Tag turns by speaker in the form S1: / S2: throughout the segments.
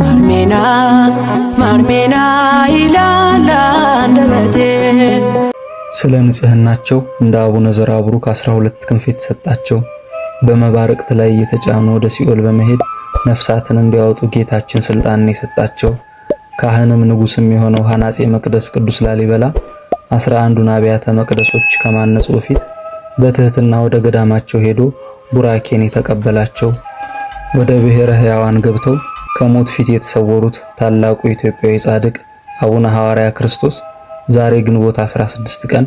S1: ማርሜና ማርሜና ይላል አንደበቴ።
S2: ስለ ንጽህናቸው እንደ አቡነ ዘርዓ ቡሩክ አስራ ሁለት ክንፍ የተሰጣቸው በመባረቅት ላይ እየተጫኑ ወደ ሲኦል በመሄድ ነፍሳትን እንዲያወጡ ጌታችን ስልጣንን የሰጣቸው ካህንም ንጉስም የሆነው ሐናፄ መቅደስ ቅዱስ ላሊበላ አስራ አንዱን አብያተ መቅደሶች ከማነጹ በፊት በትህትና ወደ ገዳማቸው ሄዶ ቡራኬን የተቀበላቸው ወደ ብሔረ ሕያዋን ገብተው ከሞት ፊት የተሰወሩት ታላቁ ኢትዮጵያዊ ጻድቅ አቡነ ሐዋርያ ክርስቶስ ዛሬ ግንቦት 16 ቀን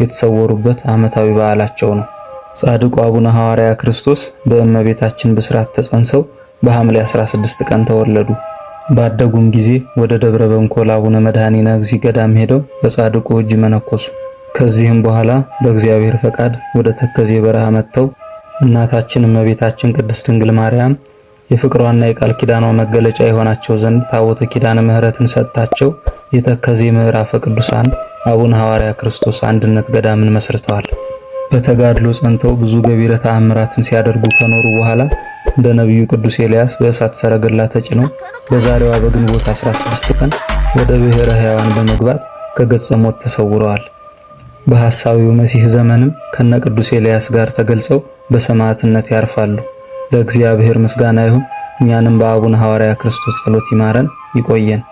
S2: የተሰወሩበት ዓመታዊ በዓላቸው ነው። ጻድቁ አቡነ ሐዋርያ ክርስቶስ በእመቤታችን ብስራት ተጸንሰው በሐምሌ 16 ቀን ተወለዱ። ባደጉም ጊዜ ወደ ደብረ በንኮል አቡነ መድኃኒነ እግዚእ ገዳም ሄደው በጻድቁ እጅ መነኮሱ። ከዚህም በኋላ በእግዚአብሔር ፈቃድ ወደ ተከዜ በረሃ መጥተው እናታችን እመቤታችን ቅድስት ድንግል ማርያም የፍቅሯና የቃል ኪዳኗ መገለጫ የሆናቸው ዘንድ ታቦተ ኪዳነ ምሕረትን ሰጥታቸው የተከዜ ምዕራፈ ቅዱሳን አቡነ ሐዋርያ ክርስቶስ አንድነት ገዳምን መስርተዋል። በተጋድሎ ጸንተው ብዙ ገቢረ ተአምራትን ሲያደርጉ ከኖሩ በኋላ እንደ ነቢዩ ቅዱስ ኤልያስ በእሳት ሰረገላ ተጭነው በዛሬዋ በግንቦት 16 ቀን ወደ ብሔረ ሕያዋን በመግባት ከገጸ ሞት ተሰውረዋል። በሐሳዊው መሲህ ዘመንም ከነ ቅዱስ ኤልያስ ጋር ተገልጸው በሰማዕትነት ያርፋሉ። ለእግዚአብሔር ምስጋና ይሁን። እኛንም በአቡነ ሐዋርያ ክርስቶስ ጸሎት ይማረን ይቆየን።